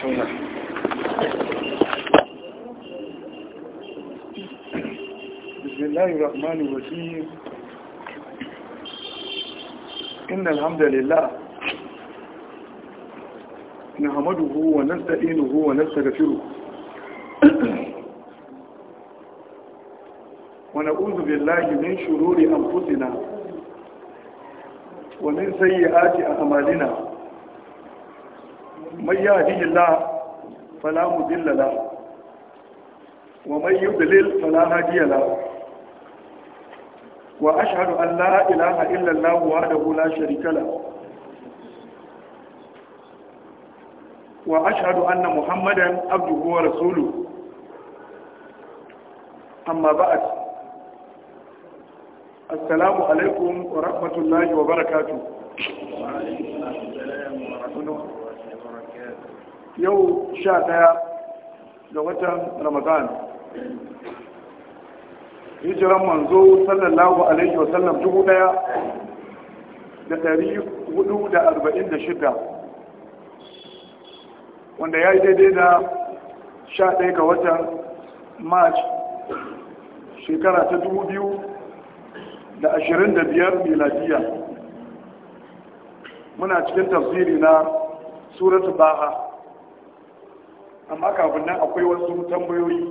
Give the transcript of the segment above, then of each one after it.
ƙarshen wani bismillahi rahmanu wasu inna alhamdulillah بالله من شرور أنفسنا ومن سيئات أعمالنا من يهدي الله فلا مضل له ومن يضلل فلا هادي له وأشهد أن لا إله إلا الله وحده لا شريك له وأشهد أن محمدا عبده ورسوله أما بعد السلام عليكم ورحمة الله وبركاته وعليكم السلام ورحمة الله yau sha ɗaya ga watan ramadan hijiran manzo sallallahu alaihi sallam dubu ɗaya da dari hudu da arba'in da shida wanda ya yi daidai da sha ɗaya ga watan march shekara ta dubu biyu da ashirin da biyar miladiya muna cikin tafsiri na suratul baha amma kafin nan akwai wasu tambayoyi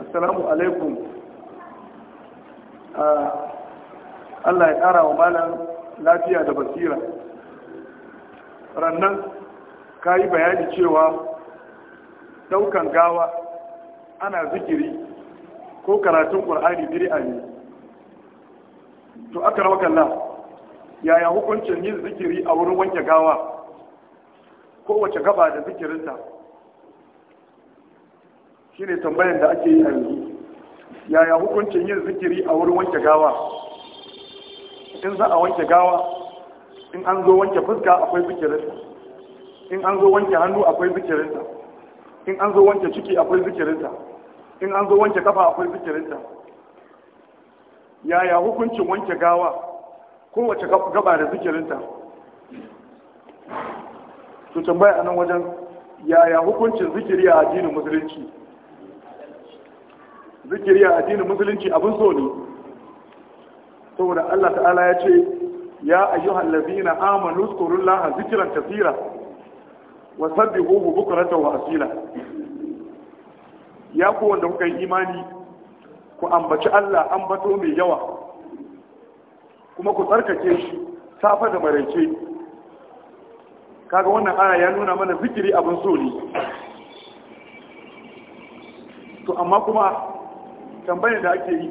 assalamu alaikum ah, Allah ya ƙara wa malam lafiya da basira rannan ka yi bayani cewa daukan gawa ana zikiri ko karatun ƙwar'ani biri ne to aka rawa kalla yaya hukuncin yin zikiri a wurin wanke gawa kowace gaba da zikirinta shi ne tambayar da ake yi a yanzu yaya hukuncin yin zikiri a wurin wanke gawa in za a wanke gawa in an zo wanke fuska akwai zikirinta in an zo wanke hannu akwai zikirinta in an zo wanke ciki akwai zikirinta in an zo wanke kafa akwai zikirinta yaya hukuncin wanke gawa kowace gaba da zikirinta to tambaya anan wajen yaya hukuncin zikiri a addinin musulunci zikiri a addinin musulunci abin so ne saboda Allah ta'ala ya ce ya ayyuhal ladina amanu zkurullaha zikran kaseera wa sabbihuhu bukratan wa asila ya ku wanda kuka yi imani ku ambaci Allah an bato mai yawa kuma ku tsarkake shi safa da maraice kaga wannan aya ya nuna mana zikiri abin so ne to amma kuma tambayar da ake yi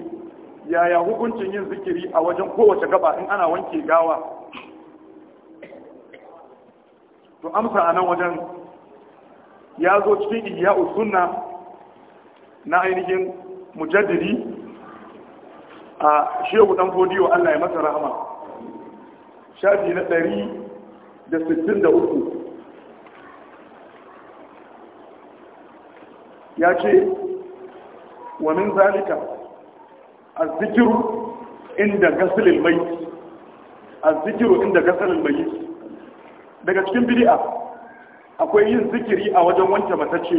yaya hukuncin yin zikiri a wajen kowace gaba in ana wanke gawa to amsa a nan wajen ya zo cikin iya usunna na ainihin mujaddidi a shehu dan godiyo Allah ya masa rahama shafi na 163 ya ce wa min zalika azzikiru inda gasilil mai azzikiru inda gasilil mai daga cikin bid'a akwai yin zikiri a wajen wanke matacce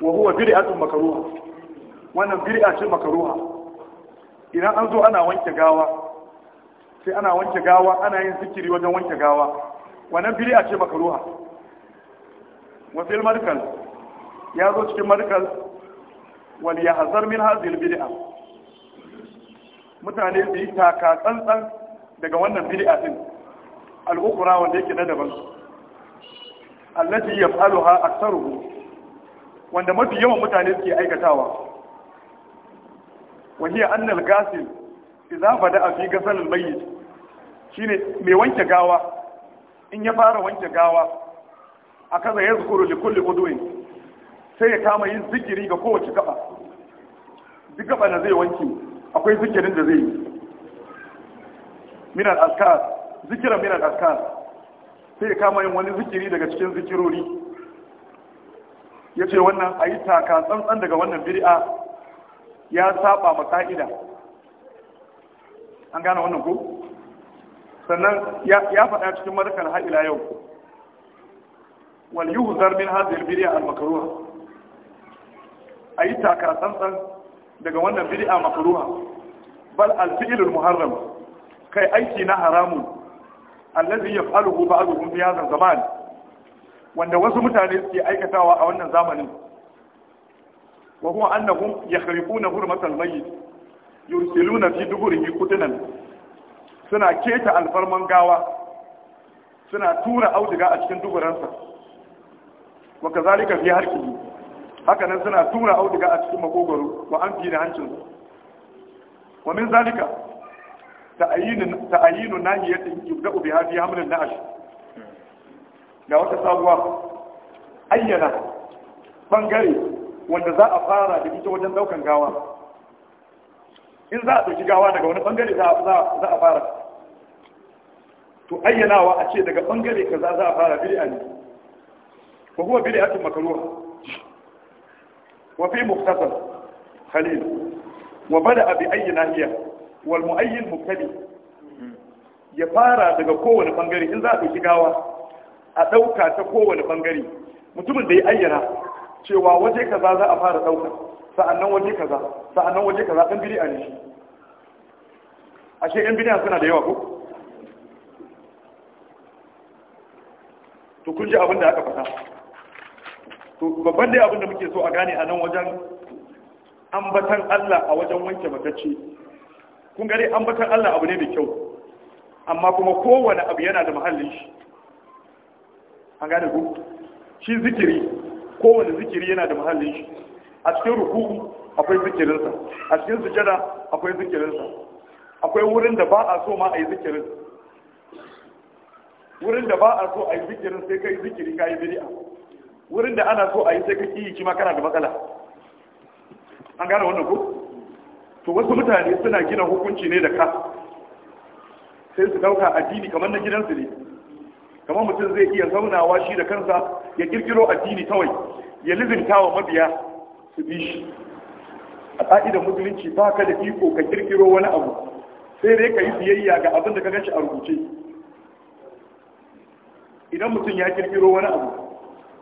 wa huwa bid'atun makruha wannan bid'a ce makaruha idan an zo ana wanke gawa sai ana wanke gawa ana yin zikiri wajen wanke gawa wannan bid'a ce makaruha wasil markal ya zo cikin markal wal hazar min hadhihi bid'a mutane su yi taka tsantsan daga wannan bid'a din al-ukhra wanda yake na daban allati yaf'aluha aktsaruhu wanda mafi yawan mutane suke aikatawa wahiya annal gasil idza bada fi gasal mai Shi ne, mai wanke gawa in ya fara wanke gawa A kaza ya li kulle udwin sai ya kama yin zikiri ga kowace gaba duk gaba da zai wanke akwai zikirin da zai yi Minar al zikira minar al sai ya kama yin wani zikiri daga cikin zikirori Ya ce wannan ayi taka tsantsan daga wannan biri'a. ya saba ma ka'ida an gane wannan ku? sannan ya faɗa cikin markan haila yau wal yuhzar min hadhihi biriya al-makruha ayi taka tsantsan daga wannan bid'a makruha bal alfiilul muharram kai aiki na haramu allazi yaf'aluhu ba'dhum fi hadha zaman wanda wasu mutane suke aikatawa a wannan zamanin wa أنهم يخرقون هرمة الميت يرسلون في fi duburihi سنة suna keta قاوة سنة suna tura auduga a cikin duburansa wa kazalika fi haka nan suna tura auduga a cikin makogoro wa an fi da hancin wa min zalika ta'ayinu ta'ayinu nahiyatin yubda'u biha ga wata sabuwa ayyana bangare wanda za a fara da ita wajen daukan gawa in za a dauki gawa daga wani bangare za a fara to ayyanawa a ce daga bangare kaza za a fara bid'a ko kuma huwa bid'atun makruha wa fi mukhtasar khalil wa bada bi ayyi nahiya wal mu'ayyin mubtadi ya fara daga kowane bangare in za a dauki gawa a dauka ta kowane bangare mutumin da ya ayyana cewa waje kaza za a fara dauka sa'annan waje kaza sa'annan waje kaza ɗan bid'a ne shi ashe ɗan bid'a suna da yawa ko to kun ji abin da aka faɗa to babban dai abin da muke so a gane a nan wajen ambatan Allah a wajen wanke matacce kun gare ambatan Allah abu ne mai kyau amma kuma kowane abu yana da muhallin shi an gane ku shi zikiri kowane zikiri yana da muhallin shi a cikin ruku'u akwai zikirinsa a cikin sujada akwai zikirinsa akwai wurin da ba a so ma a yi zikirin wurin da ba a so a yi zikirin sai kai zikiri ka yi bid'a wurin da ana so a yi sai ka kiyi kima kana da matsala an gane wannan ko to wasu mutane suna gina hukunci ne da ka sai su dauka addini kamar na gidansu ne kamar mutum zai iya zaunawa shi da kansa ya kirkiro addini kawai ya lizinta wa mabiya su bi shi a ƙa'idar musulunci ba ka da iko ka kirkiro wani abu sai dai ka yi biyayya ga abin da ka ganshi a rubuce idan mutum ya kirkiro wani abu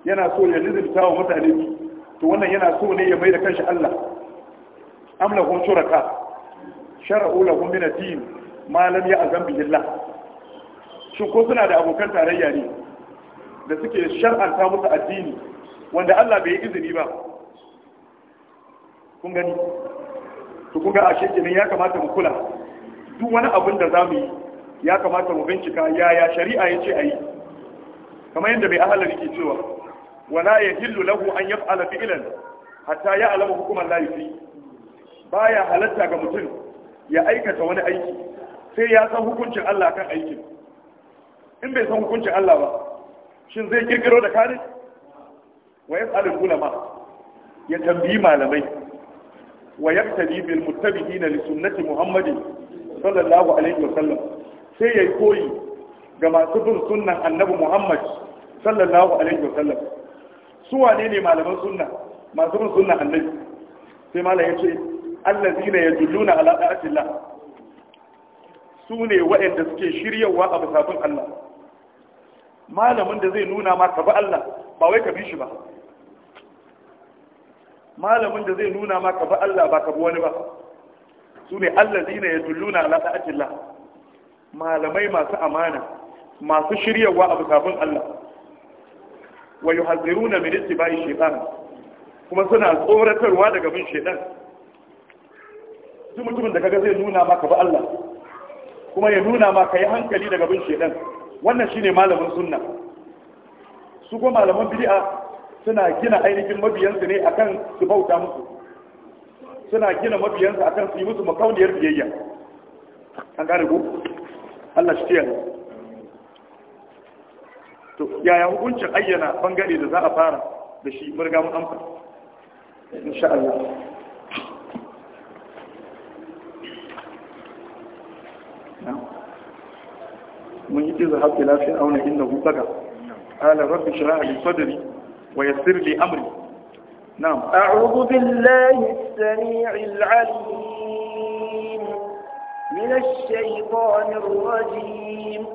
yana so ya lizinta wa mutane to wannan yana so ne ya mai da kanshi Allah am shuraka shara'u lahum min ad-din ma lam ya'zam billah shin ko suna da abokan tarayya ne da suke shar'anta musu addini wanda Allah bai yi izini ba kun gani to kun ga a shekinan ya kamata mu kula duk wani abin da za mu yi ya kamata mu bincika yaya shari'a ya ce a yi kamar yadda mai ahalar yake cewa wala ya hillu lahu an yaf'ala fi'lan hatta ya alama hukuman laifi baya halatta ga mutum ya aikata wani aiki sai ya san hukuncin Allah kan aikin in bai san hukuncin Allah ba shin zai kirkiro da kare wa yas'alul ulama ya tambayi malamai wa yaqtadi bil muttabi'ina li sunnati muhammadin sallallahu alaihi wa sallam sai yayi koyi ga masu bin sunnan annabi muhammad sallallahu alaihi wa sallam su wane ne malaman sunna masu bin sunnan annabi sai malam ya ce ya yadulluna ala da'atillah su ne waɗanda suke shiryawa a musafin Allah malamin da zai nuna ma ka bi Allah ba wai ka bi shi ba malamin da zai nuna ma ka bi Allah ba ka bi wani ba su ne allazina yadulluna ala ta'atillah malamai masu amana masu shiryawa abu kafin Allah wa yuhaziruna min ittiba'i shaytan kuma suna tsoratarwa daga bin shaytan duk mutumin da kaga zai nuna ma ka bi Allah kuma ya nuna ma ka yi hankali daga bin shaytan wannan shine malamin sunna su go malaman bid'a suna gina ainihin mabiyansu ne akan su bauta musu suna gina mabiyansu akan su yi musu makauniyar biyayya an gane ku Allah shi ya to yaya hukuncin ayyana bangare da za a fara da shi murga mun amsa insha Allah من يجيز حق لا فرعون إنه بقى قال رب شراء صدري ويسر لي أمري نعم أعوذ بالله السميع العليم من الشيطان الرجيم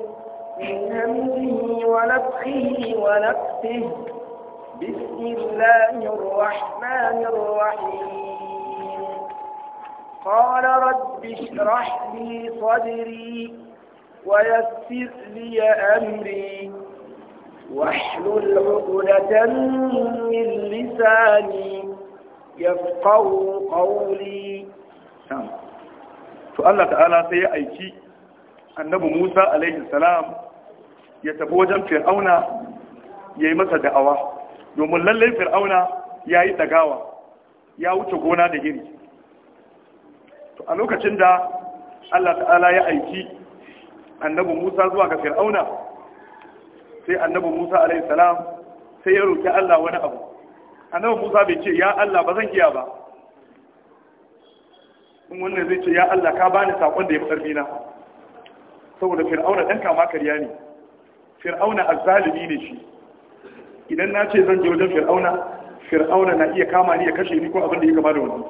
من همه ونفخه ونفته بسم الله الرحمن الرحيم قال رب اشرح لي صدري ويسر لي أمري واحلل عقدة من لساني يفقه قولي to Allah ta'ala sai ya aiki annabi Musa alaihi salam ya tafi wajen Fir'auna ya yi masa da'awa domin lallai Fir'auna ya yi dagawa ya wuce gona da iri to a lokacin da Allah ta'ala ya aiki annabi Musa zuwa ga Fir'auna sai annabi Musa alaihi salam sai ya roki Allah wani abu annabi Musa bai ce ya Allah ba zan iya ba in wannan zai ce ya Allah ka bani sakon da ya karfi na saboda Fir'auna dan kama kariya ne Fir'auna azzalimi ne shi idan na ce zan je wajen Fir'auna Fir'auna na iya kama ni ya kashe ni ko abin da ya kama da wani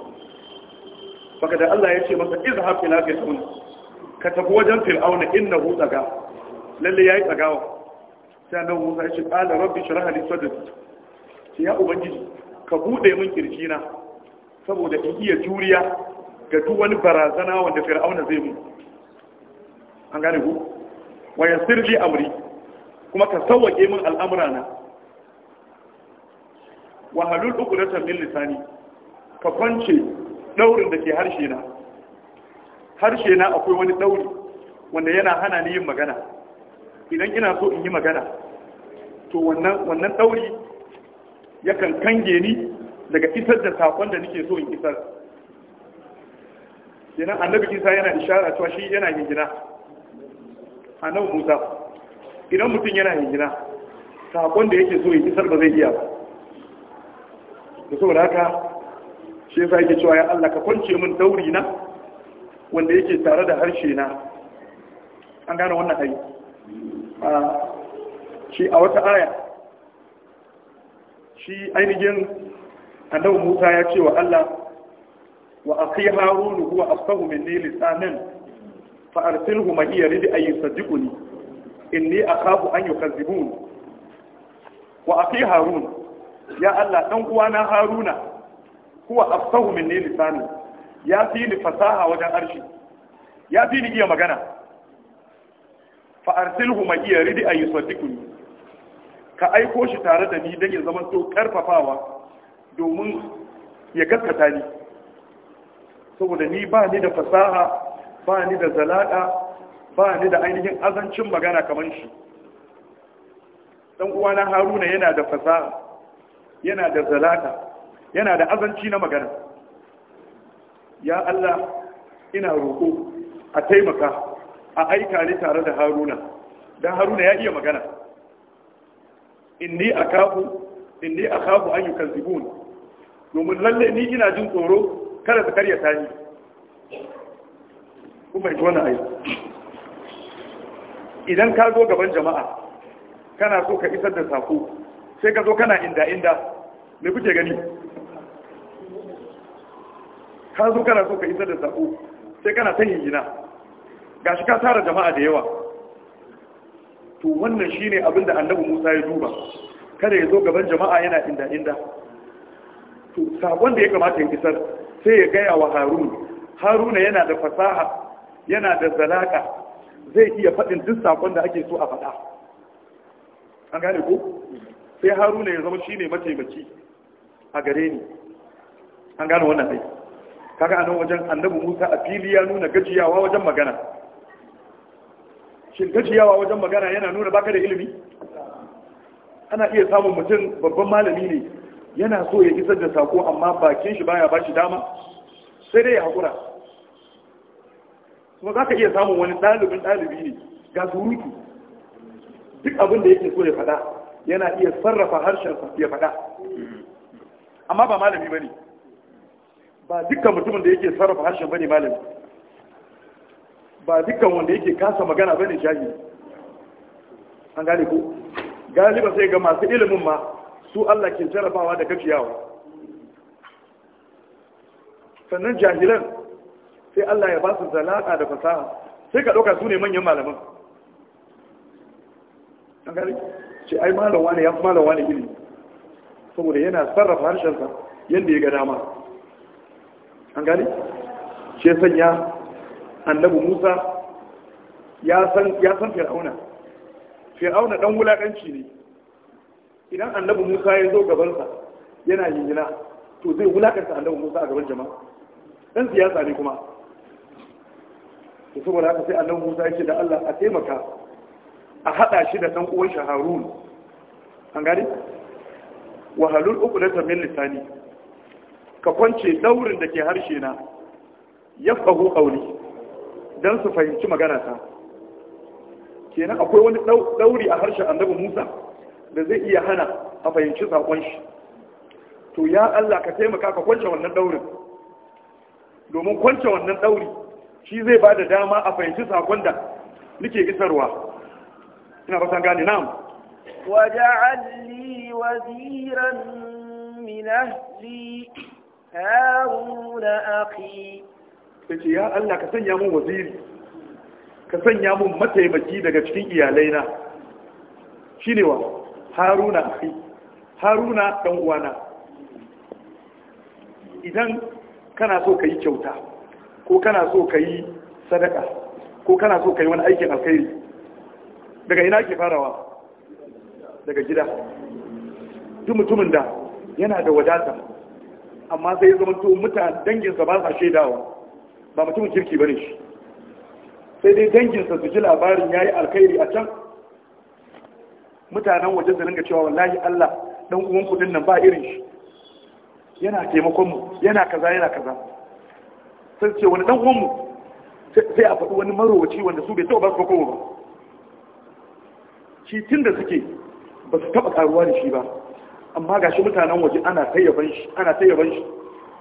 baka da Allah ya ce masa izhab ila fir'auna ka tafi wajen fir'auna inna hu tsaga lalle yayi tsagawa sai annabi Musa ya ce qala rabbi shrah li sadri ya ubangiji ka bude min kirjina saboda in iya juriya ga duk wani barazana wanda fir'auna zai mu an gane ku wa yassir li amri kuma ka sauwake min al'amurana wa halul uqdatan min lisani ka kwance ɗaurin da ke harshe na harshe na akwai wani ɗauri wanda yana hana ni yin magana idan ina so in yi magana to wannan ɗauri yakan kange ni daga isar da saƙon da nake so in isar kenan annabi isa yana ishara cewa shi yana hingina annabi musa idan mutum yana hingina saƙon da yake so ya isar ba zai iya ba da saboda haka shi yasa yake cewa ya Allah ka kwance min dauri na wanda yake tare da harshe na an gane wannan hayi shi a wata aya shi ainihin annabi Musa ya ce wa Allah wa akhi harun huwa afqahu minni lisanan fa arsilhu ma hiya rid ay yusaddiquni inni akhafu an yukazzibun wa akhi harun ya Allah dan uwana haruna huwa afqahu minni lisanan ya fi ni fasaha wajen arshi ya fi ni iya magana fa arsilhu ma iya ridi ayi sadiquni ka aiko shi tare da ni dan ya zama to karfafawa domin ya gaskata ni saboda ni ba ni da fasaha ba ni da zalada ba ni da ainihin azancin magana kamar shi dan uwana haruna yana da fasaha yana da zalada yana da azanci na magana ya Allah ina roƙo a taimaka a aika ni tare da haruna don haruna ya iya magana inni akafu inni akafu an domin lalle ni ina jin tsoro kada su karya tani kuma ji wani idan ka zo gaban jama'a kana so ka isar da sako sai ka zo kana inda inda me kuke gani ka zo kana so ka isar da sako sai kana ta hijina shi ka tara jama'a da yawa to wannan shine abinda da annabi Musa ya duba kada ya zo gaban jama'a yana inda inda to sakon da ya kamata ya isar sai ya gaya wa Harun Haruna yana da fasaha yana da zalaka zai iya faɗin duk sakon da ake so a faɗa an gane ko sai Haruna ya zama shine mataimaki a gare ni an gane wannan sai kaga anan wajen annabi Musa a fili ya nuna gajiyawa wajen magana shin gajiyawa wajen magana yana nuna baka da ilimi ana iya samun mutum babban malami ne yana so ya isar da sako amma bakin shi baya bashi dama sai dai ya hakura kuma zaka iya samun wani ɗalibin ɗalibi ne ga surutu duk abin da yake so ya fada yana iya sarrafa harshen ya faɗa amma ba malami ba ne ba dukkan mutumin da yake sarrafa harshen bane malami ba dukkan wanda yake kasa magana bane jahili an gane ko galiba sai ga masu ilimin ma su Allah ke jarabawa da kafiyawa. sannan jahilan sai Allah ya ba su zalaka da fasaha sai ka ɗauka su ne manyan malaman an gane ce ai malam wani ya fi malam wani gini saboda yana sarrafa harshensa yadda ya ga dama an gani? shi ya sanya annabu musa ya san fir'auna fir'auna dan wulaƙanci ne idan annabu musa ya zo gabansa yana yingina to zai wulaƙanta annabu musa a gaban jama'a Ɗan siyasa ne kuma Da saboda haka sai annabu musa ya ce da allah a taimaka a haɗa shi da ɗan uwan shaharun an gani wahalul uku na tamil lissani ka kwance daurin da ke harshe na ya fahu ƙauri don su fahimci magana ta kenan akwai wani dauri a harshen annabi Musa da zai iya hana a fahimci saƙon shi to ya Allah ka taimaka ka kwance wannan daurin domin kwance wannan dauri shi zai ba da dama a fahimci saƙon da nike isarwa ina fatan gane na'am waja'alli waziran min ahli هارون أخي kace ya Allah ka sanya mun waziri ka sanya mun mataimaki daga cikin iyalaina shine wa Haruna akhi Haruna dan uwana idan kana so ka yi kyauta ko kana so ka yi sadaka ko kana so ka yi wani aikin alkhairi daga ina ke farawa daga gida duk mutumin da yana da wadata amma sai ya zama to mutane danginsa ba sa shaidawa ba mutumin kirki ba ne shi sai dai danginsa su ji labarin ya yi alkhairi a can mutanen waje su ringa cewa wallahi Allah dan uwan kudin nan ba irin shi yana taimakon mu yana kaza yana kaza sai ce wani dan uwan mu sai a faɗi wani marowaci wanda su bai taɓa ba su ba shi tun da suke ba su taɓa karuwa da shi ba amma ga shi mutanen waje ana tayyaban shi ana tayyaban shi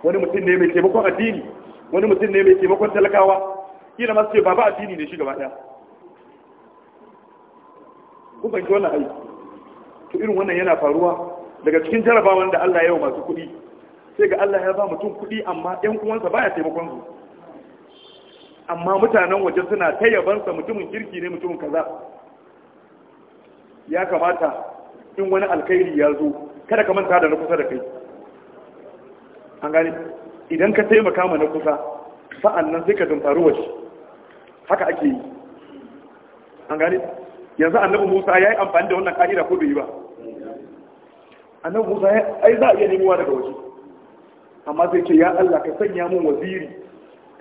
wani mutum ne mai taimakon addini wani mutum ne mai taimakon talakawa kila masu ce baba addini ne shi gaba daya ku fahimci wannan ai to irin wannan yana faruwa daga cikin jarabawan da Allah ya yi masu kuɗi sai ga Allah ya ba mutum kuɗi amma ɗan uwansa baya taimakon su amma mutanen waje suna tayyabansa mutumin kirki ne mutumin kaza ya kamata in wani alkhairi ya zo kada ka manta da na kusa da kai an gani idan ka taimaka ma na kusa sa'an nan sai ka dumfari waje haka ake yi an gani yanzu annabi musa ya yi amfani da wannan ka'ida ko bai yi ba annabi musa ya ai za a iya nemowa daga waje amma zai ce ya allah ka sanya mun waziri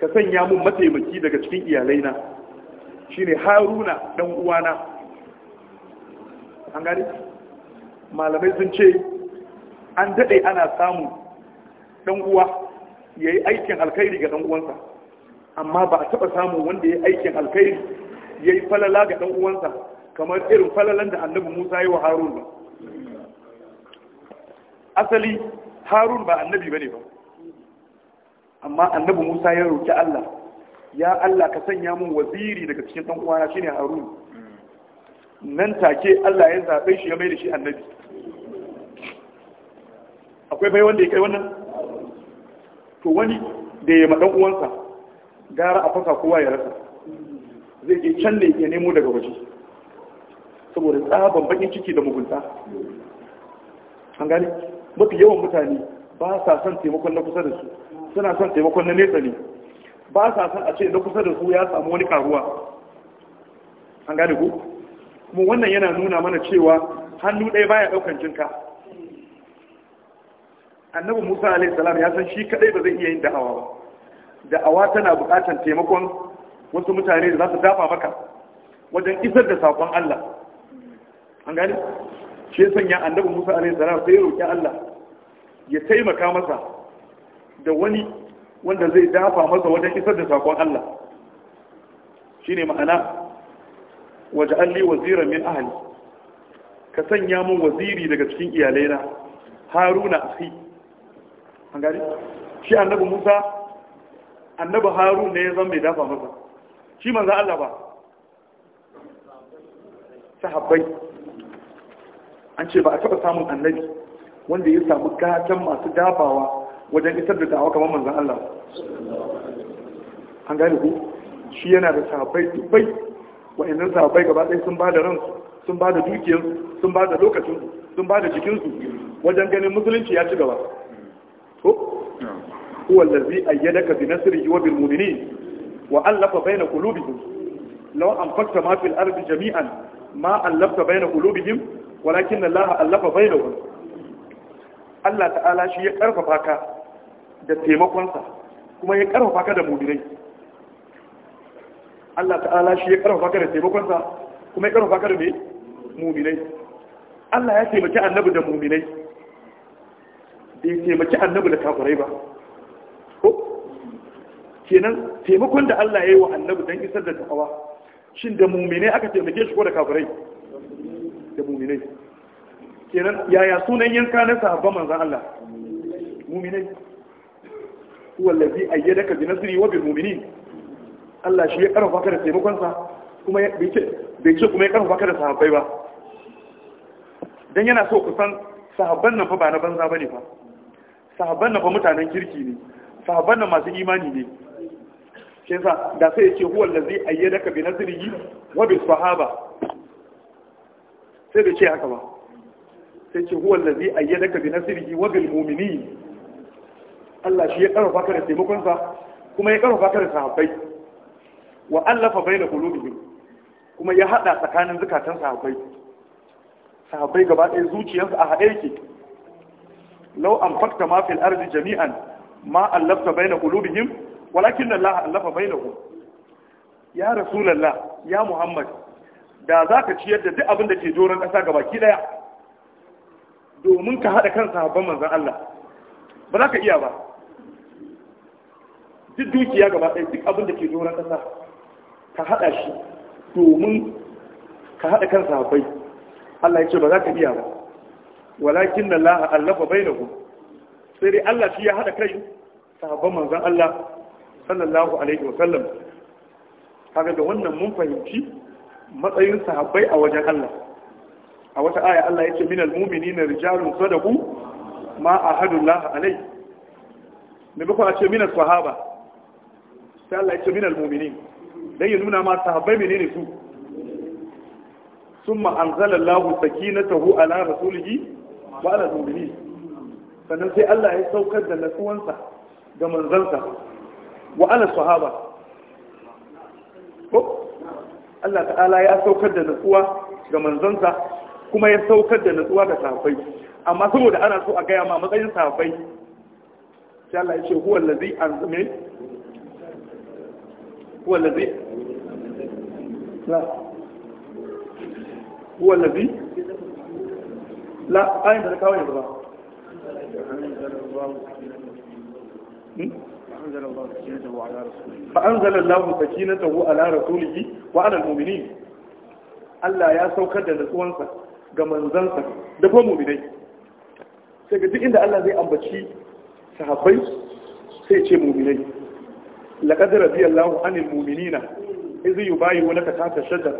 ka sanya mun mataimaki daga cikin iyalaina shine haruna dan uwana an gani malamai sun ce an daɗe ana samun ɗan uwa ya yi aikin alkhairi ga ɗan uwansa amma ba a taɓa samun wanda ya yi aikin alkhairi ya yi falala ga ɗan uwansa kamar irin falalan da annabi musa yi wa harun ba asali harun ba annabi ba ne ba amma annabi musa ya roƙi allah ya allah ka sanya mun waziri daga cikin ɗan uwana shine harun nan take allah ya zaɓe shi ya mai da shi annabi akwai bai wanda ya kai wannan to wani da ya maɗan uwansa gara a fasa kowa ya rasa zai ke can ne ya nemo daga waje saboda tsaban bakin ciki da mugunta an gane mafi yawan mutane ba sa son taimakon na kusa da su suna son taimakon na nesa ne ba sa son a ce na kusa da su ya samu wani karuwa an gane ku kuma wannan yana nuna mana cewa hannu ɗaya baya ɗaukan jinka annabi musa alaihissalam ya san shi kadai ba zai iya yin da'awa ba da'awa tana buƙatar taimakon wasu mutane da za su dafa maka wajen isar da saƙon allah an gani shi sanya annabi musa alaihissalam sai ya roƙi allah ya taimaka masa da wani wanda zai dafa masa wajen isar da saƙon allah shine ma'ana waje alli waziran min ahali ka sanya min waziri daga cikin iyalaina haruna akhi an shi annabi musa annabi harun ne ya zan mai dafa masa shi manza allah ba sahabbai an ce ba a taɓa samun annabi wanda ya samu gatan masu dafawa wajen isar da dawa kamar manzan allah an gani ku shi yana da sahabbai dubbai wa'annan sahabbai gaba ɗaya sun ba da ransu sun ba da dukiyarsu sun ba da lokacinsu sun ba da jikinsu wajen ganin musulunci ya ci gaba ko huwa allazi ayyadaka bi yi wa bil wa allafa baina qulubihim law anfaqta ma fil ardi jami'an ma allafta baina qulubihim walakin na laha allafa bainahum Allah ta'ala shi ya karfafa ka da taimakonsa kuma ya karfafa ka da mu'minai Allah ta'ala shi ya karfafa ka da taimakonsa kuma ya karfafa ka da mu'minai Allah ya taimaki annabi da mu'minai bai taimaki annabi da kafirai ba ko kenan taimakon da Allah ya yi wa annabi don isar da takawa shin da mumine aka taimake shi ko da kafirai da mumine kenan yaya sunan yanka na sahabban manzan Allah mumine wallazi ayyadaka bi nasri wa bil mu'minin Allah shi ya karfafa ka da taimakon sa kuma bai ce bai ce kuma ya karfafa ka da sahabbai ba dan yana so ku san sahabban nan fa ba na banza bane fa sahabban na ba mutanen kirki ne sahabban na masu imani ne shi yasa da sai yace huwa ayyada ka bi nasrihi wa bi sahaba sai da ce haka ba sai ce huwa ayyada ka bi nasrihi wa bil mu'mini Allah shi ya karfafa ka da taimakon sa kuma ya karfafa ka da sahabbai wa allafa baina qulubihim kuma ya hada tsakanin zakatan sahabbai sahabbai gaba ɗaya zuciyarsu a haɗe yake law anfaqta ma fil ardi jami'an ma allafta baina qulubihim walakin Allah allafa bainahum ya rasulullah ya muhammad da za ka ciyar da duk abin da ke doron kasa gabaki ɗaya domin ka haɗa kan sahabban manzon Allah ba za ka iya ba duk dukiya gaba ɗaya duk abin da ke doron ƙasa ka haɗa shi domin ka haɗa kan sahabbai Allah ya ce ba za ka iya ba walakin na laha allafa bai na sai dai Allah shi ya haɗa kai sahabban manzan Allah sallallahu alaihi wasallam kaga da wannan mun fahimci matsayin sahabbai a wajen Allah a wata aya Allah ya ce minal na rijalun sadaqu ma a ahadullah alai ne ba a ce minal sahaba sai Allah ya ce minal mu'minin dan ya nuna ma sahabbai ne su ثم أنزل الله ala على رسوله wa ala sanan sannan sai Allah ya saukar da nasuwansa ga manzansa wa ala sahaba ko Allah ta'ala ya saukar da nasuwa ga manzansa kuma ya saukar da nasuwa ga sahabbai amma saboda ana so a gaya ma matsayin sahabbai sai Allah ya ce huwa allazi anzume huwa allazi huwa allazi la ayin da na kawo yanzu ba فأنزل الله سكينته على رسوله وعلى المؤمنين Allah ya saukar da nutsuwansa ga manzansa da kuma mu'minai sai ga duk inda Allah zai ambaci sahabbai sai ce mu'minai laqad radiyallahu anil mu'minina iz yubayi'unaka tahta shajara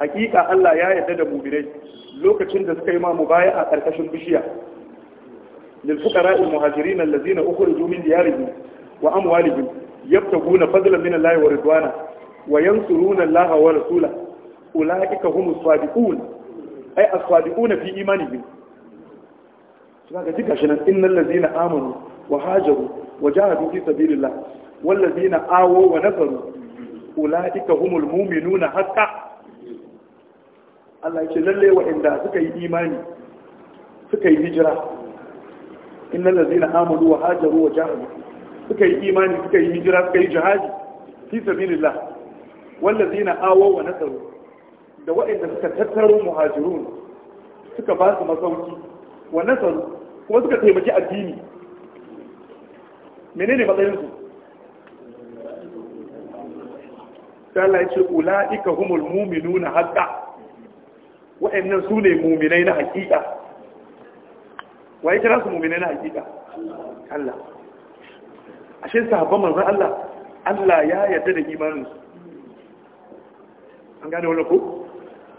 hakika Allah ya yarda da mu'minai lokacin da suka yi ma mubaya a ƙarƙashin bishiya lil fuqara'il muhajirin allazina ukhriju min diyarihim wa amwalihim yabtaguna fadlan min Allah wa ridwana wa yansuruna Allah wa rasulahu ulaika humus sadiqun ay as-sadiquna fi imanihim suna ga duka shinan innal ladzina amanu wa hajaru wa jahadu fi sabilillah wal ladzina awaw wa nasaru ulaika humul mu'minuna haqqan Allah yake lalle waɗanda suka yi imani suka yi hijira innal ladzina amanu wa hajaru wa jahadu suka yi imani suka yi hijira suka yi jihadi fi sabilillah wal ladina awaw wa nasaru da waɗanda suka tattaro muhajirun suka ba su masauki wa nasaru kuma suka taimaki addini menene matsayin su Allah ya ce ula'ika humul mu'minuna haqqan wa'annan su ne muminai na hakika wa ya kira su muminai na hakika Allah ashe sahabban manzon Allah Allah ya yarda da imanin su an gane wannan ko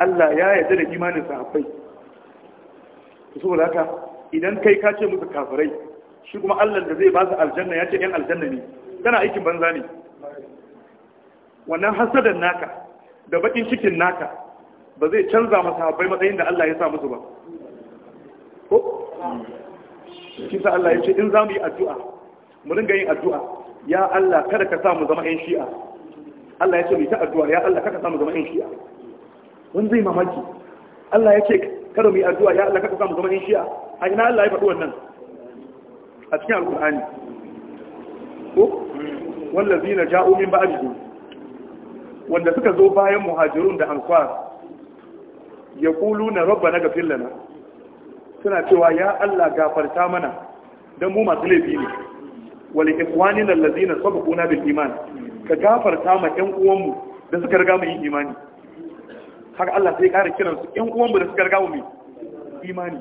Allah ya yarda da imanin sahabbai to saboda haka idan kai ka ce musu kafirai shi kuma Allah da zai ba su aljanna ya ce yan aljanna ne kana aikin banza ne wannan hasadan naka da bakin cikin naka ba zai canza masa bai matsayin da Allah ya sa musu ba ko kisa Allah ya ce in za mu yi addu'a mu ringa yin addu'a ya Allah kada ka sa mu zama yan shi'a Allah ya ce mu yi ta addu'a ya Allah kada ka sa mu zama yan shi'a wani zai mamaki Allah ya ce kada mu yi addu'a ya Allah kada ka sa mu zama yan shi'a a ina Allah ya faɗi wannan a cikin alkur'ani ko wallazina ja'u min ba'dihim wanda suka zo bayan muhajirun da ansar ya kulu na rabba na gafin lana suna cewa ya Allah gafarta mana don mu masu laifi ne wale ikwani na lazina saba kuna da iman ka gafarta ma ƴan uwanmu da suka riga mu yin imani haka Allah sai ƙara kiransu ƴan uwanmu da suka riga mu imani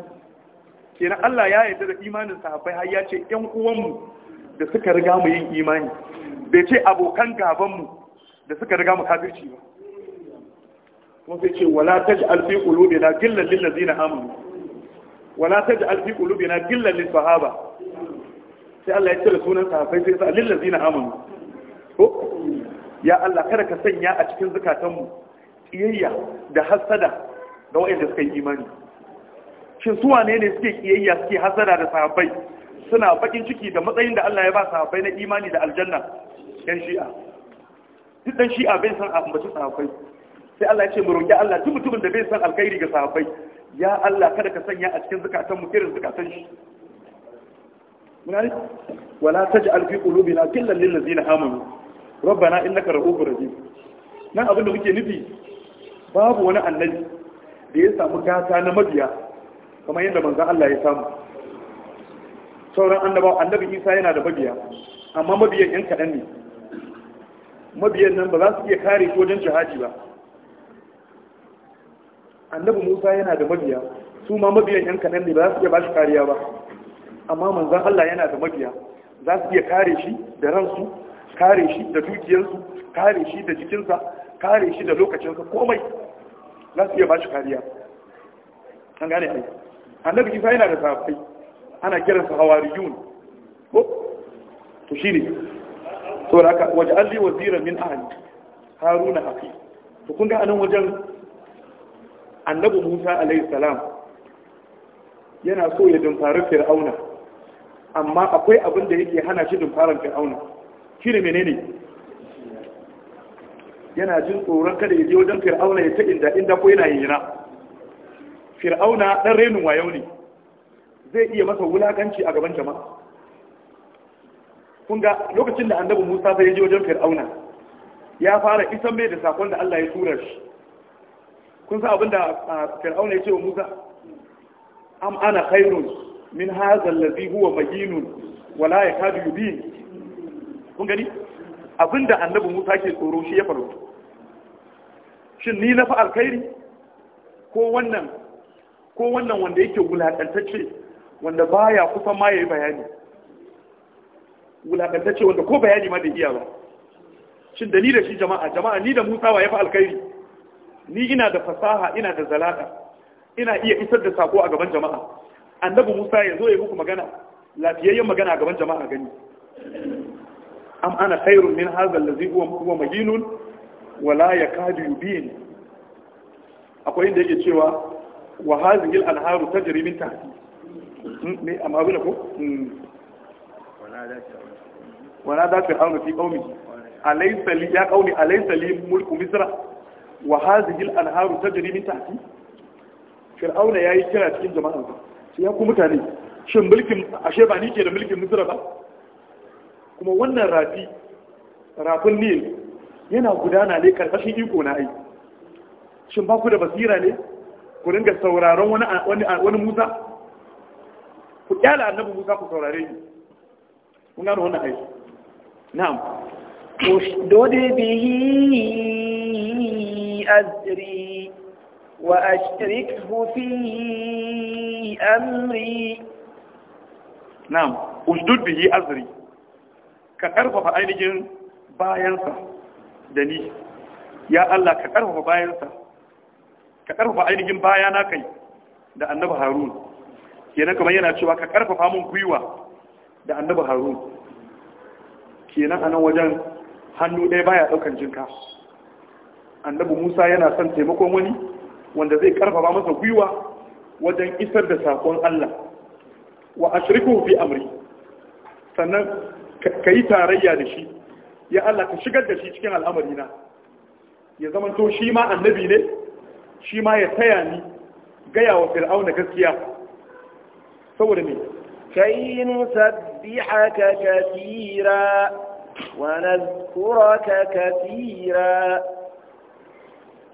kenan Allah ya yarda da imanin sahabbai har ya ce ƴan uwanmu da suka riga mu yin imani bai ce abokan gabanmu da suka riga mu kafirci ba kuma sai ce wala taj'al fi qulubina gillan lil ladina amanu wala taj'al fi qulubina gillan lil sahaba sai Allah ya cire sunan sahabbai sai sa lil ladina amanu ko ya Allah kada ka sanya a cikin zukatanmu kiyayya da hasada da wayanda suka yi imani shin su wane ne suke kiyayya suke hasada da sahabbai suna bakin ciki da matsayin da Allah ya ba sahabbai na imani da aljanna yan shi'a duk dan shi'a bai san ambaci sahabbai sai Allah ya ce mu roƙi Allah duk mutumin da bai san alkhairi ga sahabbai ya Allah kada ka sanya a cikin zakatan mu kirin zakatan shi wala taj'al fi qulubina ghillan lil ladina amanu rabbana innaka ra'ufur rahim nan abin da muke nufi babu wani annabi da ya samu gata na mabiya kamar yadda manzon Allah ya samu sauran annabawa annabi Isa yana da mabiya amma mabiyan yan kadan ne mabiyan nan ba za su iya kare ko wajen jihadi ba annabi musa yana da mabiya su ma mabiyan yan kaɗan ne ba za su iya ba shi kariya ba amma manzan allah yana da mabiya za su iya kare shi da ransu kare shi da dukiyarsu kare shi da jikinsa kare shi da lokacinsa komai za su iya ba shi kariya an gane ne annabi isa yana da safai ana kiransa hawariyun ko to shine saboda haka waje alli wazira min ahli haruna afi to kun ga anan wajen annabi musa alaihi salam yana so ya dumfari fir'auna amma akwai abin da yake hana shi dumfaran fir'auna shi ne menene yana jin tsoron kada ya je wajen fir'auna ya ta inda inda ko yana yira fir'auna dan renin wayo ne zai iya masa wulakanci a gaban jama'a kun ga lokacin da annabi musa sai ya je wajen fir'auna ya fara isan mai da sakon da allah ya tura shi kun san abin da fir'auna ya ce wa musa am ana khairun min hadha allazi huwa majinun wala yakadu yubin kun gani Abin da annabi musa ke tsoro shi ya faru shin ni na fa alkhairi ko wannan ko wannan wanda yake wulakantacce wanda baya kusan ma yayi bayani wulakantacce wanda ko bayani ma da iya ba shin da ni da shi jama'a jama'a ni da musa wa ya fa alkhairi ni ina da fasaha ina da zalaka ina iya isar da sako a gaban jama'a annabi Musa ya zo ya muku magana lafiyayyen magana a gaban jama'a gani am ana khairun min hadha allazi huwa huwa majinun wa la yakadu yubin akwai inda yake cewa wa hadhihi al-anharu tajri min tahti ne amma bin ko hmm. wala da fir'auna fi qaumi alaysa li ya qauli alaysa li mulku misra wa hazihil anharu tajri min tahti ya yayi kira cikin jama'an sai ya ku mutane shin mulkin ashe ba ni ke da mulkin misra ba kuma wannan rafi rafin ne yana gudana ne karkashin iko na ai shin ba ku da basira ne ku ringa sauraron wani wani wani Musa ku kyala annabi Musa ku saurare shi kun gano wannan ai na'am ushdud bihi أزري وأشركه في أمري نعم أشدد به أزري كأرفف أينجن باينسا دني يا الله كأرفف باينسا كأرفف أينجن بايانا كي da annabi harun kenan kamar yana cewa ka karfafa mun gwiwa da annabi harun kenan a nan wajen hannu ɗaya baya ɗaukan jinka annabi Musa yana son taimakon wani wanda zai karfafa masa gwiwa wajen isar da sakon Allah wa ashriku fi amri sannan ka yi tarayya da shi ya Allah ka shigar da shi cikin al'amarina. ya zamanto shi ma annabi ne shi ma ya taya ni gaya wa fir'auna gaskiya saboda me kai nusabbihaka kafira, wa ka kafira.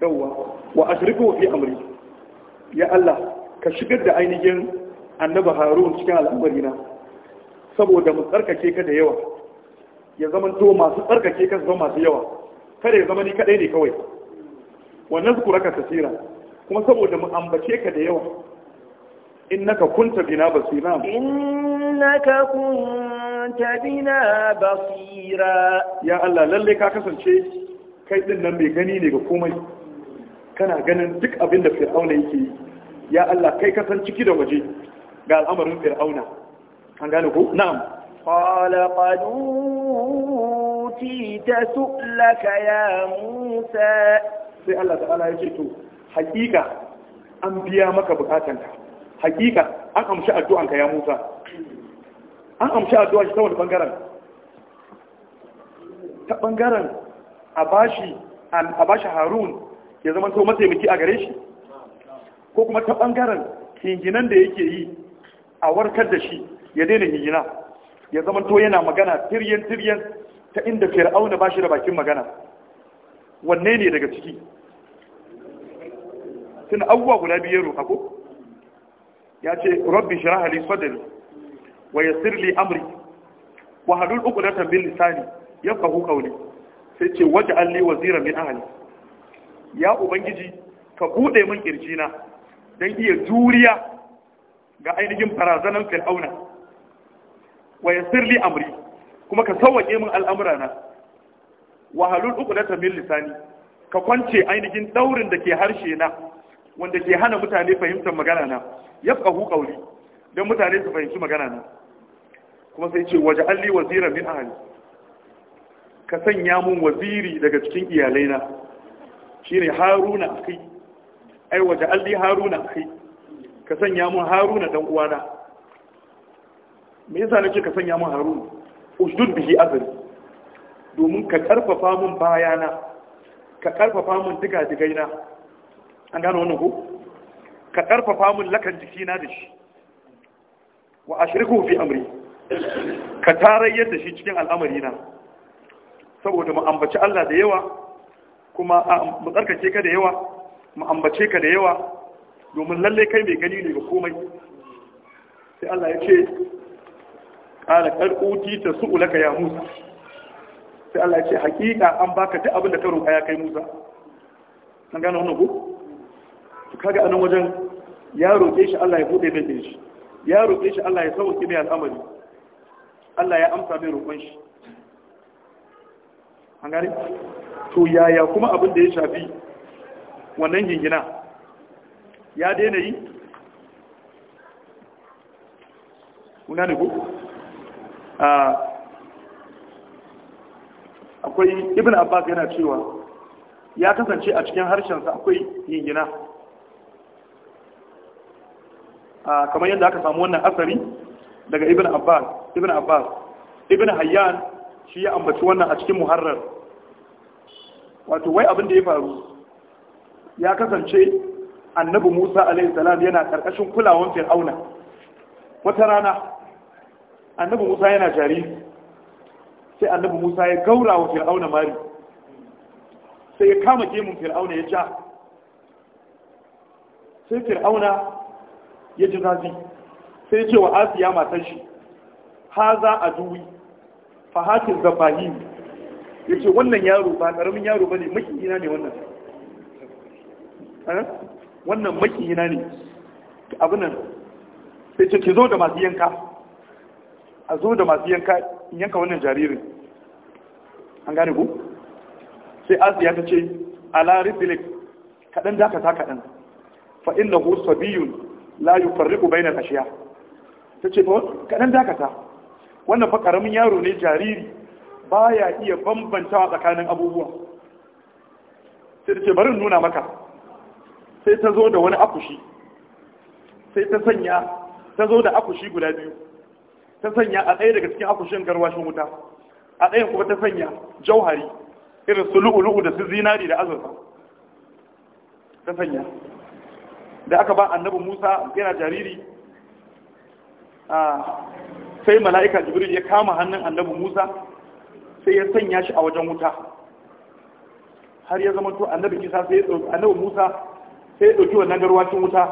yawwa wa ashriku fi amri ya Allah ka shigar da ainihin annabi Harun cikin al'amari na saboda mu tsarkake ka da yawa ya zama to masu tsarkake ka zama masu yawa kada ya zama ni kadai ne kawai wa ka tasira kuma saboda mu ambace ka da yawa innaka kunta bina basira innaka kunta bina basira ya Allah lalle ka kasance kai din nan mai gani ne ga komai kana ganin duk abin da fir'auna yake yi ya Allah kai kasan ciki da waje ga al'amarin fir'auna an gane ko na'am qala qad utita su'laka ya musa sai Allah ta'ala ya ce to hakika an biya maka ka. hakika an amshi addu'anka ya musa an amshi addu'a shi ta wani bangaren ta bangaren a bashi harun ya zama to mataimaki a gare shi ko kuma ta bangaren hinginan da yake yi a warkar da shi ya daina hingina ya zama to yana magana tiryan tiryan ta inda fir'auna ba shi da bakin magana wanne ne daga ciki tun abubuwa guda biyar roƙa ko ya ce rabbi shirah Ali, sadri wa yassir li amri wa halul uqdatan bil lisani yafqahu qawli sai ce waj'al li waziran min ahli ya ubangiji ka bude min na don iya juriya ga ainihin farazanan filauna. wa sirri amri kuma ka sauwaƙe min al'amurana wa halul uqdata min lisani ka kwance ainihin daurin da ke harshe na wanda ke hana mutane fahimtar magana na yafqahu qawli don mutane su fahimci magana na kuma sai ce waje alli wazira min ahli ka sanya mun waziri daga cikin iyalai na. shine haruna kai ai waje alli haruna kai ka sanya mun haruna dan uwana me yasa nake ka sanya mun haruna usdud bihi azri domin ka karfafa mun bayana ka karfafa mun diga digaina an gano wannan ko ka karfafa mun lakan jikina da shi wa ashriku fi amri ka tarayyar da shi cikin al'amari na saboda mu ambaci Allah da yawa kuma mu tsarkace ka da yawa mu ambace ka da yawa domin lalle kai mai gani ne ga komai sai Allah ya ce ƙara ƙarƙuti ta su'u laka ya musa sai Allah ya ce hakika an baka duk abin da ta roƙa ya kai musa an gane wannan ko to kaga anan wajen ya roƙe shi Allah ya bude mai shi ya roƙe shi Allah ya sauke mai al'amari Allah ya amsa mai roƙon shi an gane to yaya kuma abin da ya shafi wannan gingina ya daina yi kuna ne ku akwai ibn abbas yana cewa ya kasance a cikin harshensa akwai gingina kamar yadda aka samu wannan asari daga ibn abbas ibn abbas ibn hayyan shi ya ambaci wannan a cikin muharrar wato wai abin da ya faru ya kasance annabi musa alaihissalam yana karkashin kulawan fir'auna wata rana annabi musa yana jari, sai annabi musa ya gaura wa fir'auna mari sai ya kama gemun fir'auna ya ja sai fir'auna ya ji zafi sai ce wa asiya matan shi haza za a duwi fahatin zafahi ya ce wannan yaro ba ƙaramin yaro ba ne makiyina ne wannan eh? wannan makiyina ne abinan sai ce ki zo da masu yanka a zo da masu yanka in yanka wannan jaririn an gane ku sai asiya ta ce ala rifilik kaɗan dakata kaɗan fa'in da hu sabiyun la bai farriku bayanar ashiya ta ce kaɗan dakata wannan fa karamin yaro ne jariri baya iya bambantawa tsakanin abubuwa sai ta ce bari nuna maka sai ta zo da wani akushi sai ta sanya ta zo da akushi guda biyu ta sanya a ɗaya daga cikin akushin garwashin wuta a ɗayan kuma ta sanya jauhari irin su lu'ulu'u da su zinari da azurfa ta sanya da aka ba annabi musa yana jariri sai mala'ika jibril ya kama hannun annabi musa sai ya sanya shi a wajen wuta har ya zama to annabi kisa sai ya dauki annabi musa sai ya ɗauki wannan garwashin wuta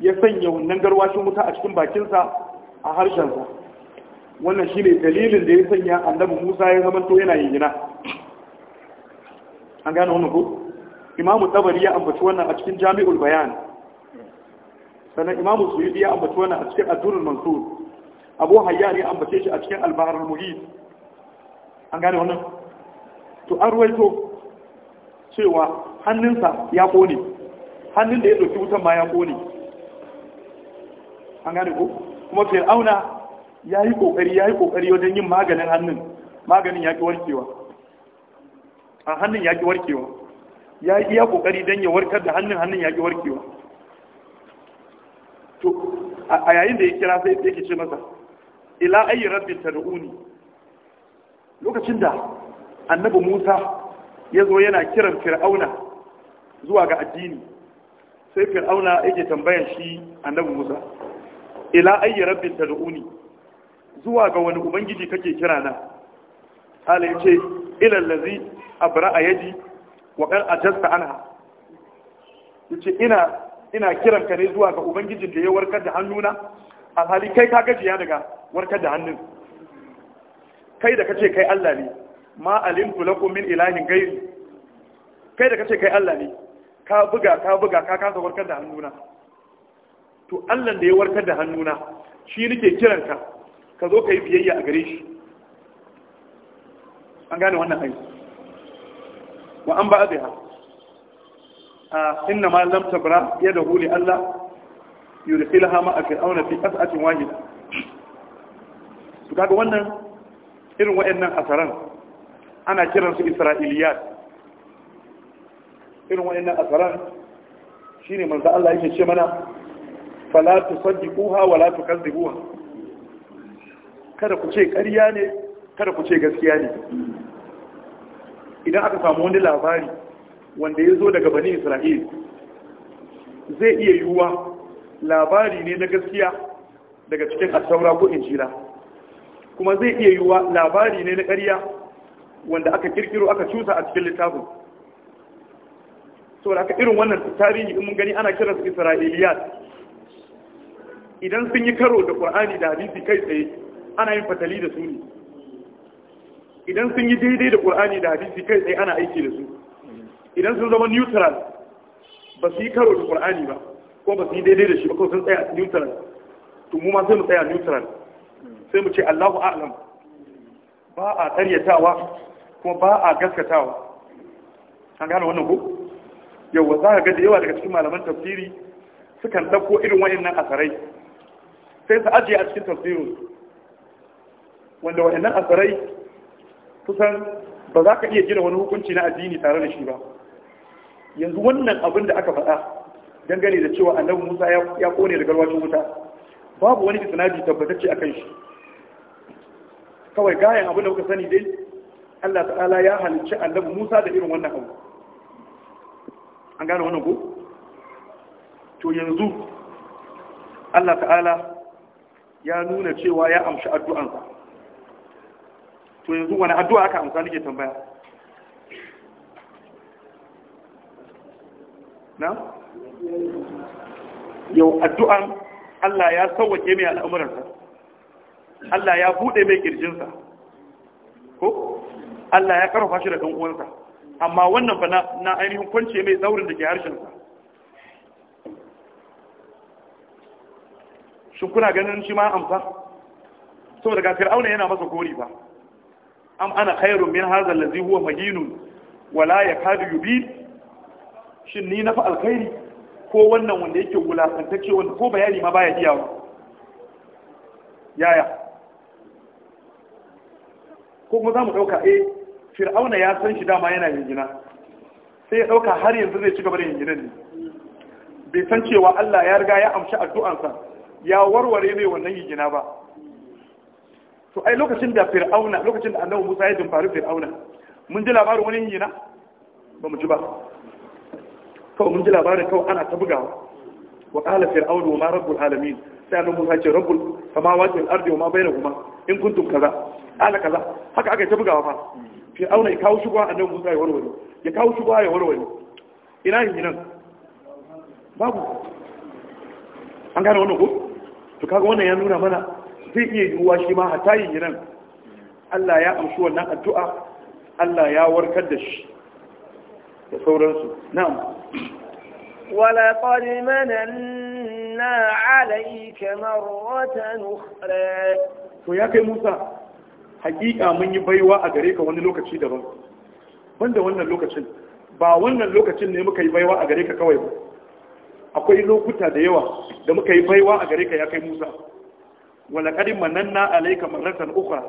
ya sanya wannan garwashin wuta a cikin bakinsa a harshensa wannan shi ne dalilin da ya sanya annabi musa ya zama to yana yingina an gane wannan ko imamu tabari ya ambaci wannan a cikin jami'ul bayan sannan imamu suyudi ya ambaci wannan a cikin adurul mansur abu hayya an bace shi a cikin albahar muhit an gane wannan to an ruwaito cewa hannunsa ya kone hannun da ya ɗauki wutan ma ya kone an gane ko kuma fir'auna ya yi ƙoƙari ya yi ƙoƙari wajen yin maganin hannun maganin ya ƙi warkewa a hannun ya ƙi warkewa ya yi iya ƙoƙari don ya warkar da hannun hannun ya ƙi warkewa to a yayin da ya kira sai yake ce masa ila ayi rabbi tad'uni lokacin da annabi Musa yazo yana kiran Fir'auna zuwa ga addini sai Fir'auna yake tambayar shi annabi Musa ila ayi rabbi tad'uni zuwa ga wani ubangiji kake kira na hala yace ila allazi abra'a yadi wa qad ajasta anha yace ina ina kiran ka ne zuwa ga ubangijin da ya warkar da hannuna alhali kai ka gajiya daga warkar da hannun kai da kace kai Allah ne ma alimtu lakum min ilahin gairi kai da kace kai Allah ne ka buga ka buga ka kasa warkar da hannuna to Allah da ya warkar da hannuna shi nake kiranka ka zo ka yi biyayya a gare shi an gane wannan hanyar wa an ba a zaiha a inna ma lam tabra yadahu li Allah yudkhilaha ma a fir'auna fi qas'atin wahida kaga wannan irin wa'annan asaran ana kiran su isra'iliyat irin wa'annan asaran shine manzo Allah yake ce mana fala tusaddiquha la tukazzibuha kada ku ce ƙarya ne kada ku ce gaskiya ne idan aka samu wani labari wanda ya zo daga bani isra'il zai iya yiwuwa labari ne na gaskiya daga cikin asaura ko injila kuma zai iya yiwuwa labari ne na ƙarya wanda aka kirkiro aka cuta a cikin littafin saboda aka irin wannan tarihi in mun gani ana kiransu isra'iliyat idan sun yi karo da ƙur'ani da hadisi kai tsaye ana yin fatali da su ne idan sun yi daidai da ƙur'ani da hadisi kai tsaye ana aiki da su idan sun zama neutral ba su yi karo da ƙur'ani ba ko ba su yi daidai da shi ba kawai sun tsaya neutral to mu ma sai mu tsaya neutral sai mu ce Allahu a'lam ba a karyatawa kuma ba a gaskatawa an gane wannan ko yawa za ka ga da yawa daga cikin malaman tafsiri sukan dauko irin wayannan asarai sai su ajiye a cikin tafsirin wanda wayannan asarai kusan ba za ka iya gina wani hukunci na addini tare da shi ba yanzu wannan abin da aka faɗa dangane da cewa annabi Musa ya kone da garwacin wuta babu wani isnadi tabbatacce akan shi kawai gayan abin da kuka sani dai Allah ta'ala ya halicci annabi Musa da irin wannan abu an gane wannan ko to yanzu Allah ta'ala ya nuna cewa ya amshi addu'ansa to yanzu wani addu'a aka amsa nake tambaya na? yau addu'an Allah ya sauwake mai al'amuransa Allah ya buɗe mai kirjinsa ko Allah ya karfafa shi da dan amma wannan fa na ainihin kwance mai tsaurin da ke harshen sa shin kuna ganin shi ma amsa saboda ga fir'auna yana masa gori ba am ana khairun min hadha allazi huwa mahinun wala yakadu shin ni na fa alkhairi ko wannan wanda yake wulakantacce wanda ko bayani ma baya iyawa yaya ko kuma za mu ɗauka eh fir'auna ya san shi dama yana gina. sai ya ɗauka har yanzu zai ci gaba da gina ne bai san cewa Allah ya riga ya amshi addu'ansa ya warware mai wannan gina ba to ai lokacin da fir'auna lokacin da annabi Musa ya dumfari fir'auna mun ji labarin wani gina, ba mu ji ba kawai mun ji labarin kawai ana ta bugawa wa qala fir'aunu ma rabbul alamin sai annabi Musa ce rabbul samawati wal ardi wama bainahuma in kuntum kaza ala kaza haka aka ta bugawa fa fi auna ya kawo shugaba annabi Musa ya warware ya kawo shugaba ya warware ina yin nan babu an gane wannan ko to kaga wannan ya nuna mana zai iya yiwuwa shi ma hata yin nan Allah ya amshi wannan addu'a Allah ya warkar da shi da sauransu na'am ولقد مننا أنعمنا عليك مرة أخرى Musa hakika mun yi baiwa a gare ka wani lokaci daban. Banda wannan lokacin ba wannan lokacin ne muka yi baiwa a gare ka kawai ba akwai lokuta da yawa da muka yi baiwa a gare ka ya kai Musa wala kadin mananna alayka marratan ukhra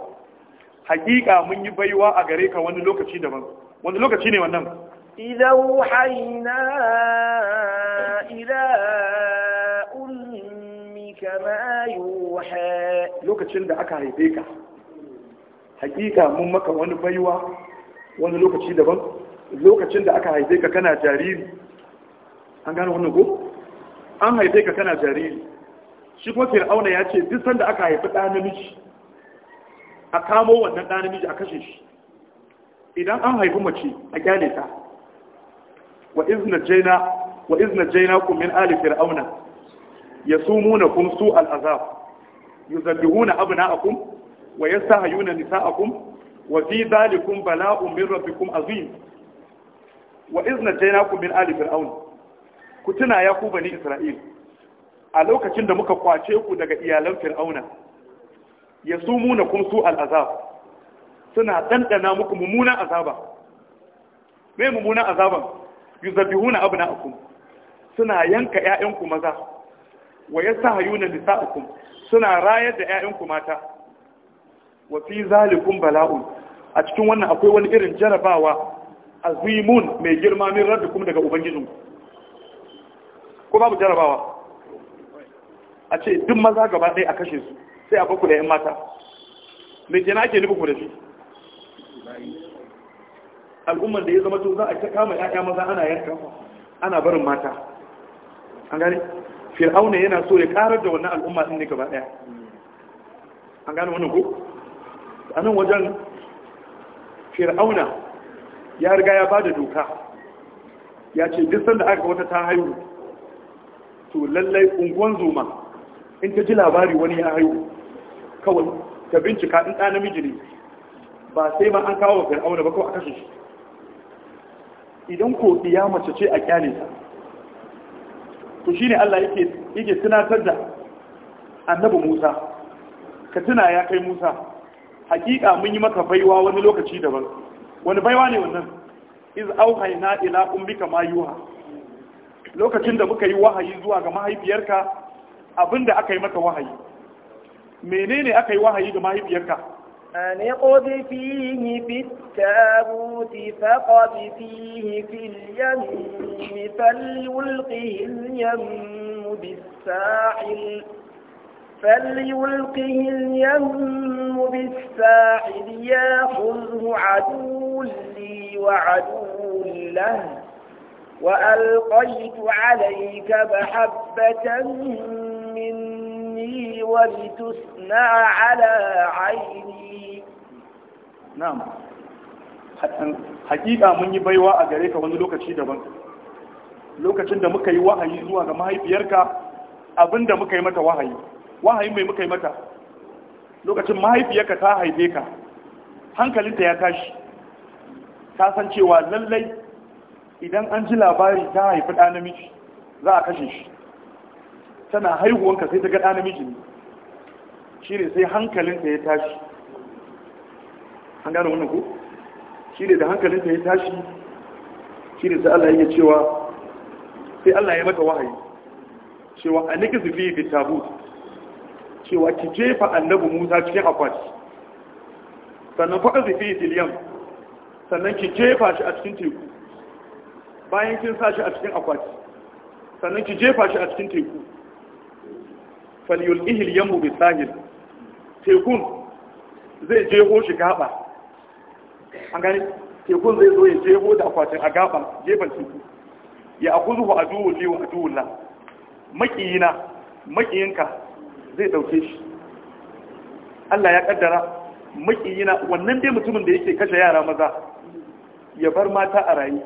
hakika mun yi baiwa a gare ka wani lokaci daban wani lokaci ne wannan idan wahayna ila lokacin da aka haife ka hakika mun maka wani baiwa wani lokaci daban lokacin da aka haife ka kana jariri an gano wannan ko an haife ka kana jariri shi kuma Auna ya ce duk sanda aka haifi ɗa namiji a kamo wannan ɗa namiji a kashe shi idan an haifi mace a kyale ta wa izna jaina wa izna jaina kum min ali fir'auna yasumunakum su al'azab yuzabbihuna abna'akum wa yastahayuna nisa'akum wa fi dhalikum bala'un min rabbikum azim wa izna jaynakum min ali fir'aun ku tuna ya ku bani isra'il a lokacin da muka kwace ku daga iyalan fir'auna yasumuna kum su al'azab suna dandana muku mummunan azaba me mummunan azaban yuzabbihuna abna'akum suna yanka ƴaƴanku maza wa yastahayuna nisa'akum suna rayar da 'ya'yanku mata wa fi zalikum bala'un a cikin wannan akwai wani irin jarabawa azimun mai girma min rabbikum daga ubangijinku ko babu jarabawa a ce duk maza gaba ɗaya a kashe su sai a baku da 'yan mata mai na ake nufi ku da shi al'ummar da ya zama to za a kama 'ya'ya maza ana yanka ana barin mata an gane fir'auna yana so ya karar da wannan al'umma din ne gaba daya an gane wannan ko a nan wajen fir'auna ya riga ya bada doka ya ce duk sanda aka wata ta haihu to lallai unguwan zoma in ta ji labari wani ya haihu kawai ta bincika in ɗa namiji ne ba sai ma an kawo fir'auna ba kawai a kashe shi idan ko iya mace ce a kyale ta shi ne Allah yake yake tunatar da annabi Musa ka tuna ya kai Musa hakika mun yi maka baiwa wani lokaci daban wani baiwa ne wannan iz auhayna ila ummika ma yuha lokacin da muka yi wahayi zuwa ga mahaifiyarka abinda aka yi maka wahayi menene aka yi wahayi ga mahaifiyarka أن اقذفيه في التابوت فقذفيه في اليم فليلقه اليم بالساحل فليلقه اليم بالساحل ياخذه عدو لي وعدو له وألقيت عليك محبة من عني ولتصنع على عيني نعم hakika mun yi baiwa a gare ka wani lokaci daban lokacin da muka yi wahayi zuwa ga mahaifiyarka abinda muka yi mata wahayi wahayi mai muka yi mata lokacin mahaifiyarka ta haife ka hankalinta ya kashi. ta san cewa lallai idan an ji labari ta haifi ɗa namiji za a kashe shi tana haihuwanka sai ta ga ɗa namiji ne shi ne sai hankalinta ya tashi an gane wannan ku shi ne da hankalinta ya tashi shi ne sai Allah ya cewa sai Allah ya mata wahayi cewa a niki zufi bi tabu cewa ki jefa annabu Musa cikin akwati sannan fa fi diliyam sannan ki jefa shi a cikin teku bayan kin sa shi a cikin akwati sannan ki jefa shi a cikin teku faliyul ihil yammu bi sahil tekun zai jeho shi gaba an gani tekun zai zo ya jeho da akwatin a gaban gefen teku ya a aduwu li wa aduwu la makiyina makiyinka zai dauke shi Allah ya kaddara makiyina wannan dai mutumin da yake kashe yara maza ya bar mata a rayu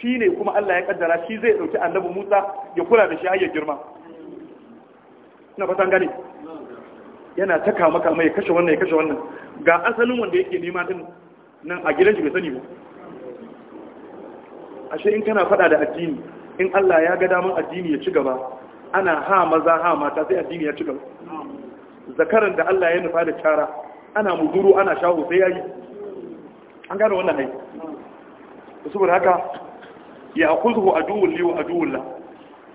shine kuma Allah ya kaddara shi zai dauki annabi Musa ya kula da shi har ya girma na fatan gane yana ta kama kama ya kashe wannan ya kashe wannan ga asalin wanda yake nema din nan a gidan shi bai sani ba ashe in kana fada da addini in Allah ya ga daman addini ya ci gaba ana ha maza ha mata sai addini ya ci gaba zakaran da Allah ya nufa da cara ana muguru ana shawo sai yayi an gane wannan ne saboda haka ya akhudhu aduwwul li wa aduwwul la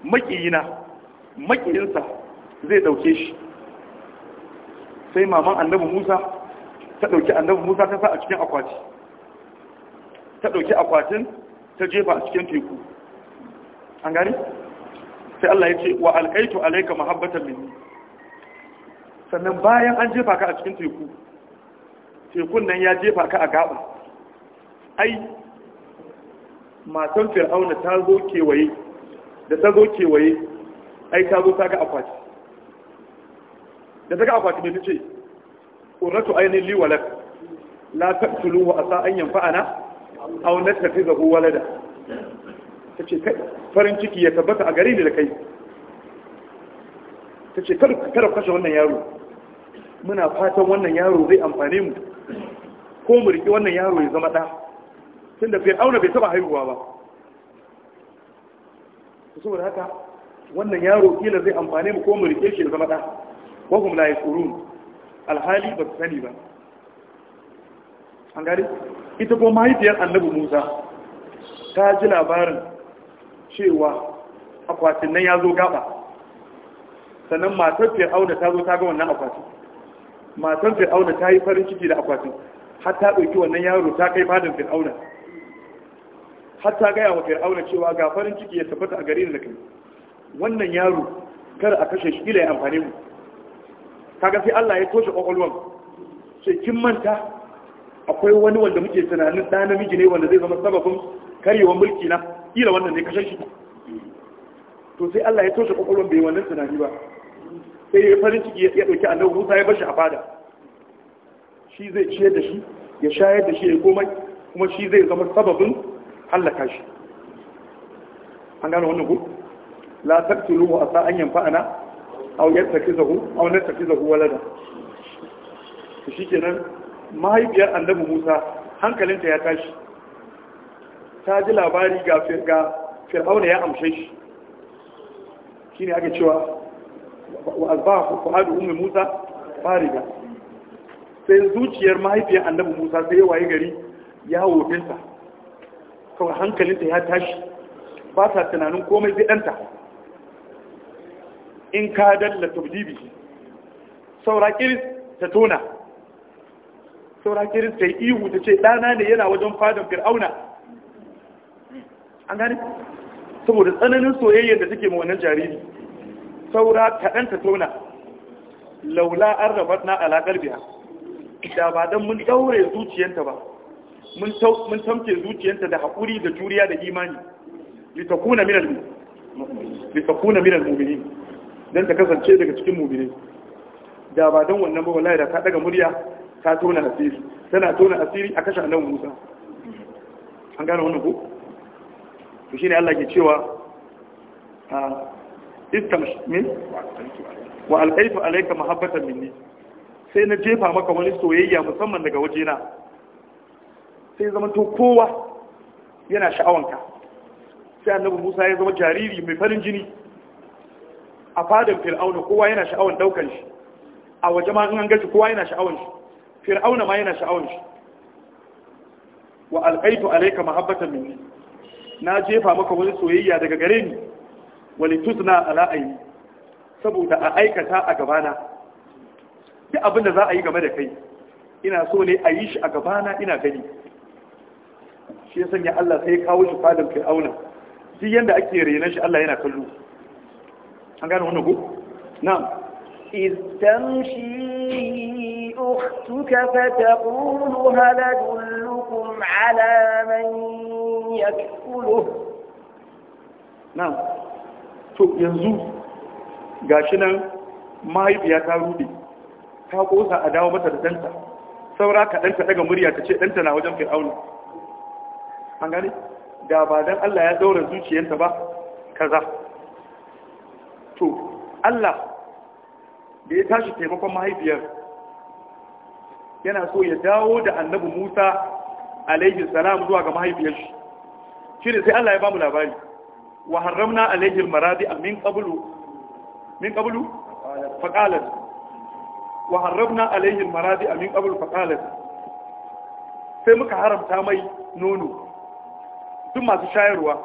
makiyina makiyinsa zai dauke shi sai maman annabi Musa ta dauki annabi Musa ta sa a cikin akwati ta dauki akwatin ta jefa a cikin teku an gani sai Allah ya ce wa alkaitu alayka mahabbatan minni sannan bayan an jefa ka a cikin teku tekun nan ya jefa ka a gaba ai matan fir'auna ta zo kewaye da ta zo kewaye ai ta zo ta ga akwati da ta ga akwati mai tace qurratu aynin li walak la fa'ana, asa an yanfa'ana aw nattakhizahu walada tace kai farin ciki ya tabbata a gari ne da kai tace kar kar kashe wannan yaro muna fatan wannan yaro zai amfane mu ko mu riki wannan yaro ya zama da tunda bai auna bai taba haihuwa ba saboda haka wannan yaro kila zai amfane mu ko mu rike shi ya zama da wahum la yashurun alhali ba su sani ba an gari ita kuma mahaifiyar annabi musa ta ji labarin cewa akwatin nan ya zo gaba sannan matar auna ta zo ta ga wannan akwatin matar auna ta yi farin ciki da akwatin har ta ɗauki wannan yaro ta kai fadin auna har ta gaya wa auna cewa ga farin ciki ya tabbata a gare ni da kai wannan yaro kar a kashe shi ila ya amfane mu kaga sai Allah ya toshe kwakwalwan sai kin manta akwai wani wanda muke tunanin da namiji ne wanda zai zama sababin karyewar mulki na kila wannan ne kashe shi to sai Allah ya toshe kwakwalwan bai wannan tunani ba sai ya farin ciki ya ɗauki annabi Musa ya bashi a fada shi zai ciyar da shi ya shayar da shi ya komai kuma shi zai zama sababin halaka shi an gano wannan ku la taqtuluhu asa an yanfa'ana au yattakizahu au nattakizahu walada to shikenan mahaifiyar annabi Musa hankalinta ya tashi ta ji labari ga firga fir'auna ya amshe shi shine ake cewa wa azbahu fuadu ummi Musa fariga sai zuciyar mahaifiyar annabi Musa sai waye gari ya wofinta kawai hankalinta ya tashi ba ta tunanin komai zai danta in ka dalla tubdibi saura kiris ta tona saura kiris ta yi ihu ta ce ɗana ne yana wajen fadan fir'auna an gani saboda tsananin soyayyar da take ma wannan jariri saura kaɗan ta tona laula an rabar na alaƙar biya da ba don mun ɗaure zuciyanta ba mun tamke zuciyanta da haƙuri da juriya da imani litakuna minal mumini don ta kasance daga cikin mumine da ba don wannan ba wallahi da ta daga murya ta tona asiri tana tona asiri a kashe annabi Musa an gane wannan ko to shine Allah ke cewa a ah, istamsh min wa alqaitu alayka mahabbatan minni sai na jefa maka wani soyayya musamman daga wajena sai zama to kowa yana sha'awanka sai annabi Musa ya zama jariri mai farin jini a fadin fir'auna kowa yana sha'awar daukan shi a waje ma in an gaji kowa yana sha'awar shi fir'auna ma yana sha'awar shi wa alqaitu alaika mahabbatan minni na jefa maka wani soyayya daga gare ni walitusna ala ayni saboda a aikata a gabana duk abin da za a yi game da kai ina so ne a yi shi a gabana ina gani shi ya sanya Allah sai ya kawo shi fadin fir'auna duk yanda ake renon shi Allah yana kallo an gane wannan ku na'am إذ تمشي أختك فتقول هل أدلكم على من يكفله نعم to yanzu gashi nan mahaifiya ta rude ta kosa a dawo mata da danta saura ka danta daga murya ta ce danta na wajen fir'auna an gane da ba dan Allah ya daura zuciyarta ba kaza to Allah da ya tashi taimakon mahaifiyar yana so ya dawo da annabi Musa alaihi salam zuwa ga mahaifiyar shi shi ne sai Allah ya bamu labari wa harramna alaihi almaradi min qablu min kabulu faqalat wa harramna alaihi a min kabulu faqalat sai muka haramta mai nono duk masu shayarwa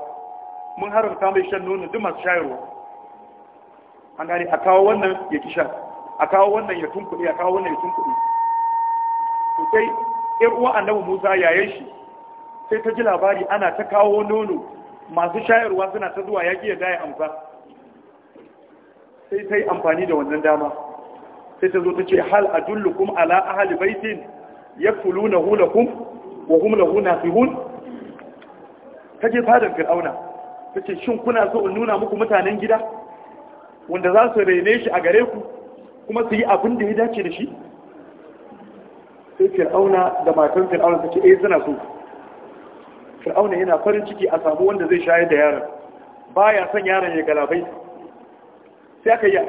mun haramta mai shan nono duk masu shayarwa an gane a kawo wannan ya kisha a kawo wannan ya tunkuɗe a kawo wannan ya tunkuɗe to sai ƴar uwa annabi Musa yayin shi sai ta ji labari ana ta kawo nono masu shayarwa suna ta zuwa yaƙi ya daya amsa sai ta yi amfani da wannan dama sai ta zo ta ce hal adullukum ala ahli baitin yakulunahu lakum wa hum lahu nasihun ta je fadan fir'auna ta ce shin kuna so in nuna muku mutanen gida wanda za su rene shi a gare ku kuma su yi abin da ya dace da shi sai fir'auna da matan fir'auna ta ce eh suna so fir'auna yana farin ciki a samu wanda zai shayar da yaron baya son yaron ya galabai sai aka yi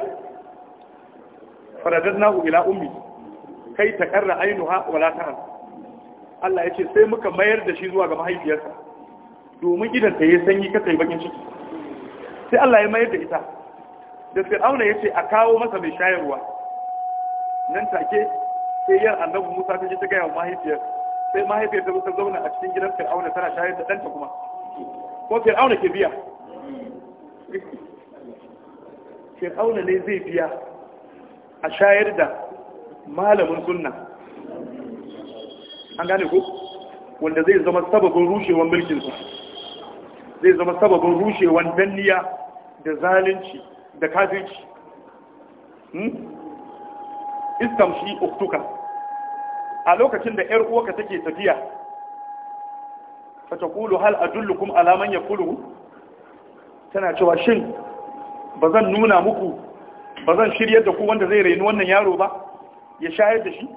faradar nahu ila ummi kai ta karra ainuha wala ta Allah ya ce sai muka mayar da shi zuwa ga mahaifiyarsa domin idan ta yi sanyi ka kai bakin ciki sai Allah ya mayar da ita da fir'auna ya ce a kawo masa mai shayarwa nan take sai yar annabi musa ta je ta gaya wa mahaifiyar sai mahaifiyar ta ta zauna a cikin gidan fir'auna tana shayar da ɗanta kuma ko fir'auna ke biya fir'auna ne zai biya a shayar da malamin sunna an gane ko wanda zai zama sababin rushewar mulkinsa zai zama sababin rushewar danniya da zalunci da kafirci hmm? shi uktuka a lokacin da ‘yar uwaka take tafiya fata kulu hal adullukum alaman ya kulu tana cewa shin ba zan nuna muku ba zan shiryar da ku wanda zai raini wannan yaro ba ya shayar da shi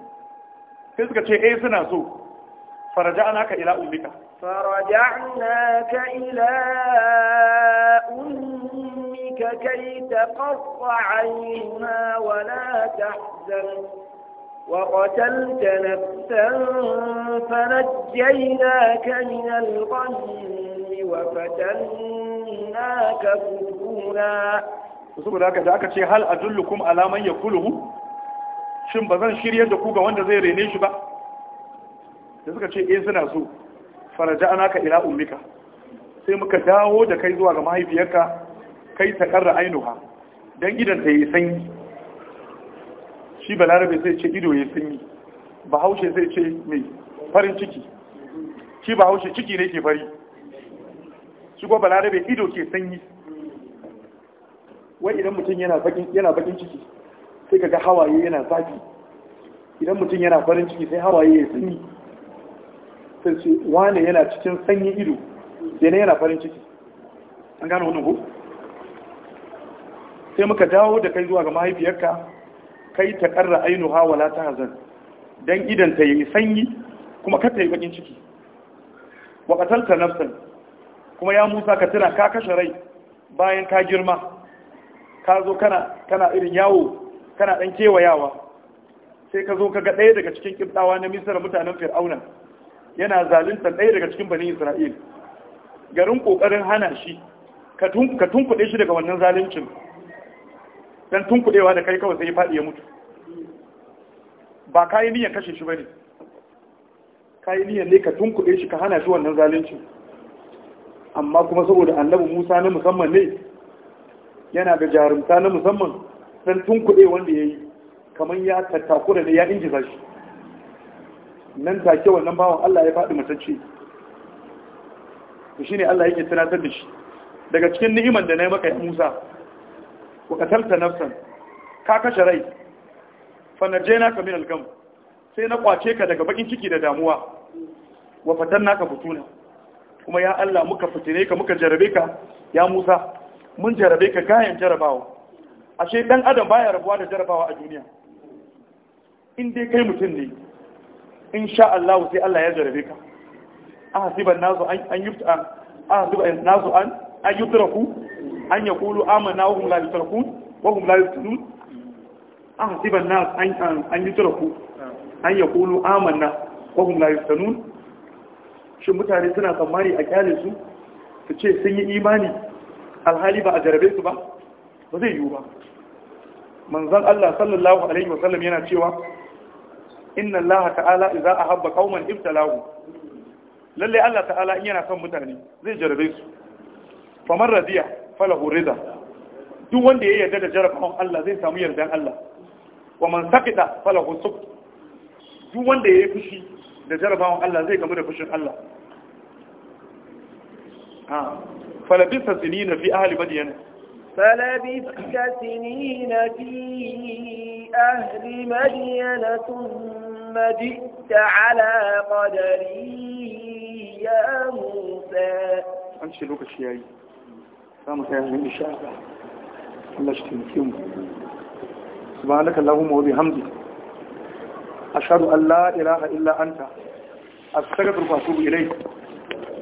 sai suka ce eh suna so فرجعناك إلى أمك فرجعناك إلى أمك كي تقص عينها ولا تحزن وقتلت نفسا فنجيناك من الغم وفتناك فتونا saboda haka da aka ce hal adullukum ala man yakuluhu shin bazan shirye da ku ga wanda zai rene shi ba da suka ce eh suna so faraja ana ka ila ummika sai muka dawo da kai zuwa ga mahaifiyarka kai ta karra ainuha dan idan ta yi sanyi shi balarabe sai ce ido ya sanyi bahaushe sai ce mai farin ciki shi bahaushe ciki ne ke fari shi ko balarabe ido ke sanyi wai idan mutum yana bakin ciki sai kaga hawaye yana zafi idan mutum yana farin ciki sai hawaye ya sanyi sai ce yana cikin sanyin ido yana yana farin ciki an gano wannan ko sai muka dawo da kai zuwa ga mahaifiyarka kai ta karra hawa wala hazan dan idan ta yi sanyi kuma kata yi bakin ciki wa nafsan kuma ya Musa ka tira ka kashe rai bayan ka girma ka zo kana irin yawo kana dan kewayawa sai ka zo ka ga ɗaya daga cikin kibdawa na misar mutanen fir'auna yana zalunta ɗaya daga cikin bani isra'il garin ƙoƙarin hana shi ka tunkuɗe shi daga wannan zaluncin don tunkuɗewa da kai kawai sai ya faɗi ya mutu ba ka yi niyan kashe shi ba ne Ka yi niyan ne ka tunkuɗe shi ka hana shi wannan zaluncin amma kuma saboda annabi musa na musamman ne yana da jarumta na musamman don tunkuɗe wanda ya yi kamar ya tattakura ne ya injiza shi nan take wannan bawan Allah ya faɗi matacce shi ne Allah yake tunatar da shi daga cikin ni'iman da na yi maka Musa ku qatalta nafsan ka kashe rai fa ka min alƙam. sai na kwace ka daga bakin ciki da damuwa wa fatanna ka futuna kuma ya Allah muka fitine ka muka jarabe ka ya Musa mun jarabe ka gayan jarabawa ashe dan adam baya rabuwa da jarabawa a duniya in dai kai mutum ne in sha Allah sai Allah ya jarabe ka ahasiban nasu an yufta ahasiban nasu an an ku an ya kulu amanna wa hum la yutrakun wa hum la yuftanun ahasiban nasu an an yutraku an kulu amanna wa hum la yuftanun shi mutane suna tsammani a kyale su su ce sun yi imani alhali ba a jarabe su ba ba zai yiwu ba manzon Allah sallallahu alaihi wasallam yana cewa inna Allah ta'ala idza ahabba qauman ibtalahu lalle Allah ta'ala in yana son mutane zai jarabe su faman radiya falahu ridha. duk wanda ya yarda da jarabawan Allah zai samu yardan Allah wa man saqita falahu sukt duk wanda ya yi fushi da jarabawan Allah zai gamu da fushin Allah ha falabisa sinina fi ahli madyan فلبثت سنين في أهل مدينة ثم جئت على قدري يا موسى أنشي لك الشيعي سامك يا أهل الشعب الله اشتمكم سبحانك اللهم وبحمدك أشهد أن لا إله إلا أنت أستغفرك وأتوب إليك